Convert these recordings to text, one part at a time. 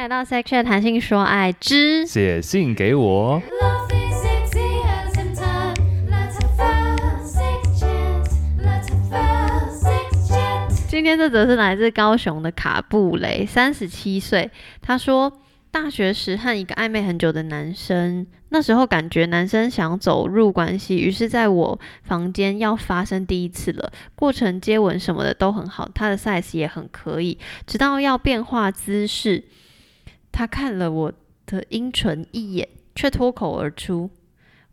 來到 section 談性說愛之寫信給我。今天這則是來自高雄的卡布蕾，三十七歲。他說，大學時和一個曖昧很久的男生，那時候感覺男生想走入關係，於是在我房間要發生第一次了。過程接吻什麼的都很好，他的 size 也很可以，直到要變化姿勢。他看了我的陰唇一眼，卻脫口而出：“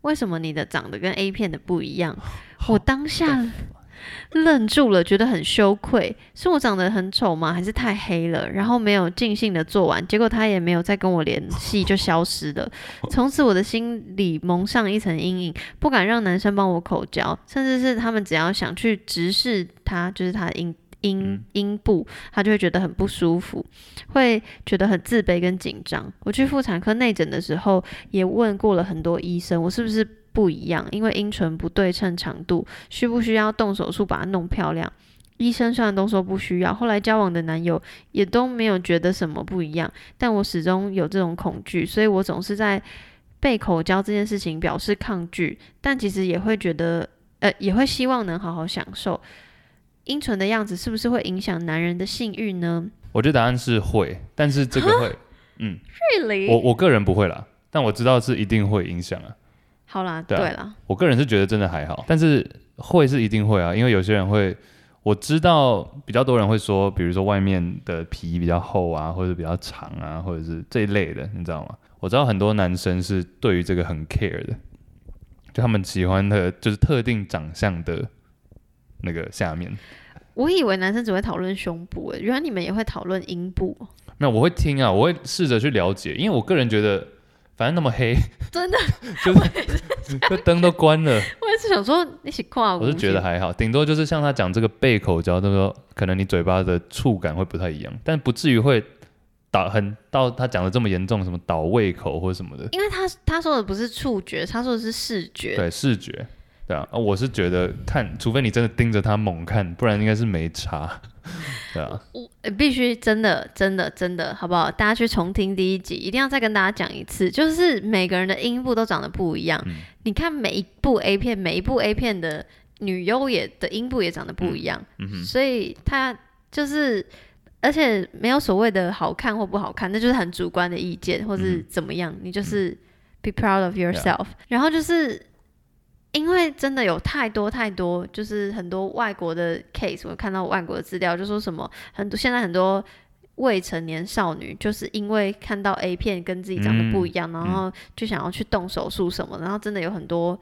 為什麼你的長得跟 A 片的不一樣？”我當下愣住了，覺得很羞愧，是我長得很醜嗎？還是太黑了？然後沒有盡興的做完，結果他也沒有再跟我聯繫，就消失了。從此我的心裡蒙上一層陰影，不敢讓男生幫我口交，甚至是他們只要想去直視他，就是他的陰。陰陰部，他就會覺得很不舒服，會覺得很自卑跟緊張。我去婦產科內診的時候，也問過了很多醫生，我是不是不一樣？因為陰唇不對稱長度，需不需要動手術把它弄漂亮？醫生雖然都說不需要，後來交往的男友也都沒有覺得什麼不一樣，但我始終有這種恐懼，所以我總是在被口交這件事情表示抗拒，但其實也會覺得，呃，也會希望能好好享受。陰唇的樣子是不是會影響男人的性慾呢？我覺得答案是會，但是這個會，蛤？嗯，Really？我我個人不會啦，但我知道是一定會影響啊。好啦，對啊、對啦，我個人是覺得真的還好，但是會是一定會啊，因為有些人會，我知道比較多人會說，比如說外面的皮比較厚啊，或者比較長啊，或者是這一類的，你知道嗎？我知道很多男生是對於這個很 care 的，就他們喜歡的就是特定長相的。那個下面，我以為男生只會討論胸部，哎，原來你們也會討論陰部。那我會聽啊，我會試着去了解，因為我個人覺得，反正那麼黑，真的， 就是這燈都關了。我也是想說一起跨步。我是覺得還好，頂多就是像他講這個被口交，就是說可能你嘴巴的觸感會不太一樣，但不至於會倒很到他講的這麼嚴重，什麼倒胃口或者什麼的。因為他他說的不是觸覺，他說的是視覺，對視覺。對啊、哦，我是覺得看，除非你真的盯着他猛看，不然應該是沒差。對啊，我必須真的、真的、真的，好不好？大家去重聽第一集，一定要再跟大家講一次，就是每個人的陰部都長得不一樣。嗯、你看每一部 A 片，每一部 A 片的女優也的陰部也長得不一樣。嗯、所以他就是，而且沒有所謂的好看或不好看，那就是很主觀的意見或是怎麼樣。嗯、你就是 be proud of yourself，、嗯 yeah. 然後就是。因為真的有太多太多，就是很多外國的 case，我看到外國的資料就說什麼很多，現在很多未成年少女就是因為看到 A 片跟自己長得不一樣，嗯、然後就想要去動手術什麼，然後真的有很多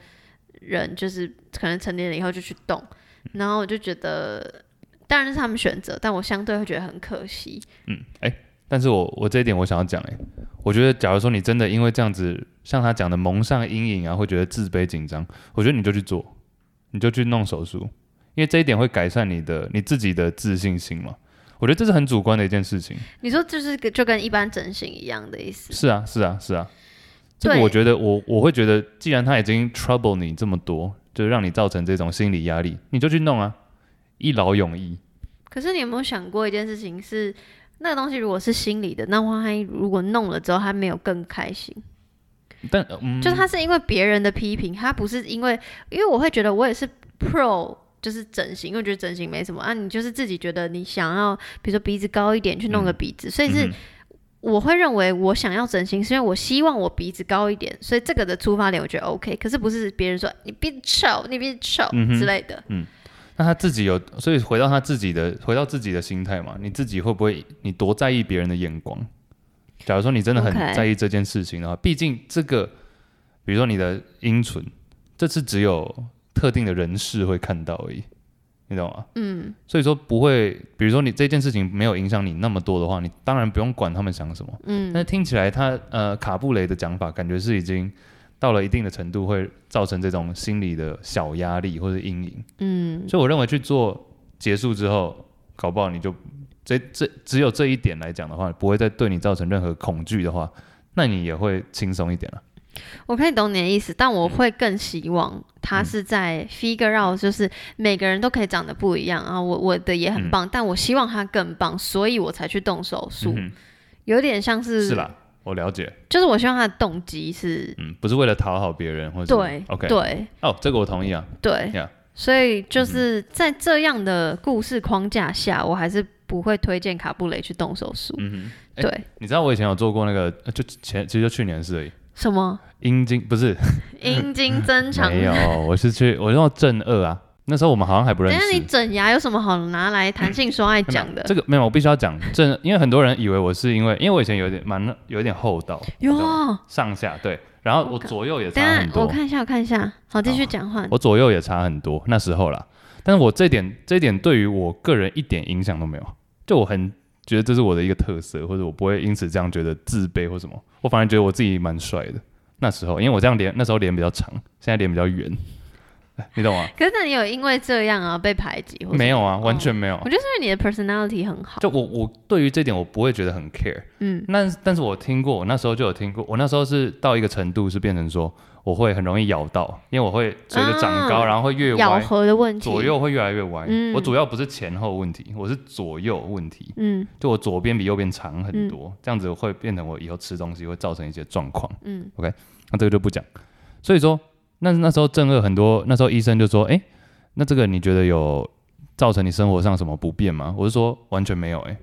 人就是可能成年了以後就去動，然後我就覺得當然是他們選擇，但我相對會覺得很可惜。嗯，哎、欸。但是我我這一點我想要講哎、欸，我覺得假如說你真的因為這樣子，像他講的蒙上陰影啊，會覺得自卑緊張，我覺得你就去做，你就去弄手術，因為這一點會改善你的你自己的自信心嘛。我覺得這是很主觀的一件事情。你說就是就跟一般整形一樣的意思？是啊是啊是啊。是啊是啊對這個我覺得我我會覺得，既然他已經 trouble 你這麼多，就讓你造成這種心理壓力，你就去弄啊，一勞永逸。可是你有沒有想過一件事情是？那個東西如果是心理的，那萬一如果弄了之後他沒有更開心，但、嗯、就他是因為別人的批評，他不是因為因為我會覺得我也是 pro 就是整形，因為我覺得整形沒什麼啊，你就是自己覺得你想要，比如說鼻子高一點去弄個鼻子，嗯、所以是、嗯、哼我會認為我想要整形是因為我希望我鼻子高一點，所以這個的出發點我覺得 OK，可是不是別人說你別醜你別醜、嗯、哼之類的，嗯那他自己有，所以回到他自己的，回到自己的心態嘛。你自己會不會，你多在意別人的眼光？假如說你真的很在意這件事情的話，Okay. 畢竟這個，比如說你的陰唇，這是只有特定的人士會看到而已，你懂嗎？嗯。所以說不會，比如說你這件事情沒有影響你那麼多的話，你當然不用管他們想什麼。嗯。但是聽起來他呃卡布蕾的講法，感覺是已經。到了一定的程度，會造成這種心理的小壓力或者陰影。嗯，所以我認為去做結束之後，搞不好你就這這只有這一點來講的話，不會再對你造成任何恐懼的話，那你也會輕鬆一點了、啊。我可以懂你的意思，但我會更希望他是在 figure out，就是每個人都可以長得不一樣啊。我我的也很棒，嗯、但我希望他更棒，所以我才去動手術。嗯、哼有點像是是啦。我了解，就是我希望他的動機是，嗯，不是為了討好別人或者對，OK，對，哦 Okay. 對，oh, 這個我同意啊，對，Yeah. 所以就是在這樣的故事框架下，嗯、哼我還是不會推薦卡布蕾去動手術。嗯哼對、欸，你知道我以前有做過那個，呃、就前其實就去年的事而已。什麼？陰莖不是？陰莖 增長？ 沒有，我是去，我用正二啊。那時候我們好像還不認識。等下你整牙有什麼好拿來談性說愛講的，嗯？這個沒有，我必須要講。這 因為很多人以為我是因為，因為我以前有點蠻有點厚道。喲呦，上下對，然後我左右也差很多我。我看一下，我看一下。好，繼好續講話。我左右也差很多，那時候啦。但是我這點這一點對於我個人一點影響都沒有，就我很覺得這是我的一個特色，或者我不會因此這樣覺得自卑或什麼。我反而覺得我自己蠻帥的。那時候因為我這樣臉，那時候臉比較長，現在臉比較圓。欸、你懂嗎？可是你有因為這樣啊被排擠？或沒有啊，完全沒有。哦、我覺得因為你的 personality 很好。就我我對於這點我不會覺得很 care。嗯。那但是我聽過，我那時候就有聽過。我那時候是到一個程度是變成說，我會很容易咬到，因為我會隨着長高，啊、然後會越歪咬合的問題，左右會越來越歪。嗯、我主要不是前後問題，我是左右問題。嗯。就我左邊比右邊長很多，嗯、這樣子會變成我以後吃東西會造成一些狀況。嗯。OK，那這個就不講。所以說。那那時候正惡很多，那時候醫生就說：“哎、欸，那這個你覺得有造成你生活上什麼不便嗎？”我就說完全沒有、欸，哎，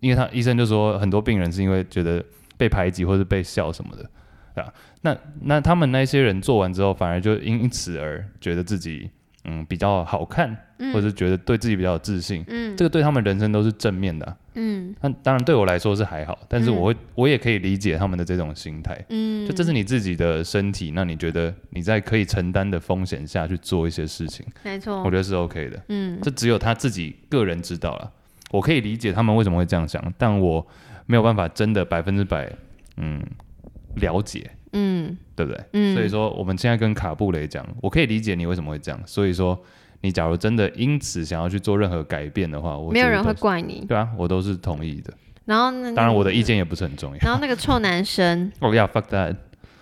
因為他醫生就說很多病人是因為覺得被排擠或者被笑什麼的，對、啊、吧？那那他們那些人做完之後，反而就因此而覺得自己。嗯，比較好看，嗯、或者是覺得對自己比較有自信，嗯，這個對他們人生都是正面的、啊，嗯。那當然對我來說是還好，但是我會，嗯、我也可以理解他們的這種心態，嗯。就這是你自己的身體，那你覺得你在可以承擔的風險下去做一些事情，沒錯，我覺得是 OK 的，嗯。這只有他自己個人知道了，我可以理解他們為什麼會這樣想，但我沒有辦法真的百分之百，嗯，了解。嗯，對不對？嗯、所以說我們現在跟卡布蕾講，我可以理解你為什麼會這樣。所以說，你假如真的因此想要去做任何改變的話，我是是沒有人會怪你。對啊，我都是同意的。然後、那個，當然我的意見也不是很重要。然後那個臭男生 ，Oh yeah，fuck that！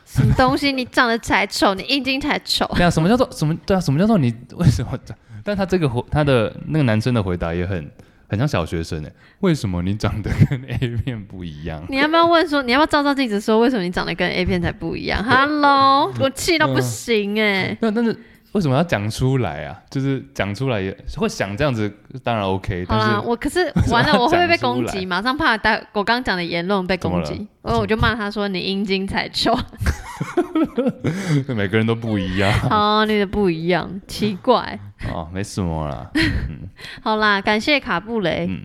什麼東西？你長得才醜，你陰莖才醜。 對啊，什麼叫做什麼？對啊，什麼叫做你為什麼？但他這個他的那個男生的回答也很。很像小學生呢、欸。為什麼你長得跟 A 片不一樣？你要不要問說，你要不要照照鏡子說，為什麼你長得跟 A 片才不一樣？Hello，我氣到不行哎、欸嗯！那但是為什麼要講出來啊？就是講出來也會想這樣子，當然 OK。好啊。我可是完了，我會不會被攻擊，馬上怕大我剛講的言論被攻擊，然後我就罵他說你陰莖才臭。 每個人都不一樣，哦、 啊，你的不一樣，奇怪， 哦，沒什麼啦，嗯、 好啦，感謝卡布雷。嗯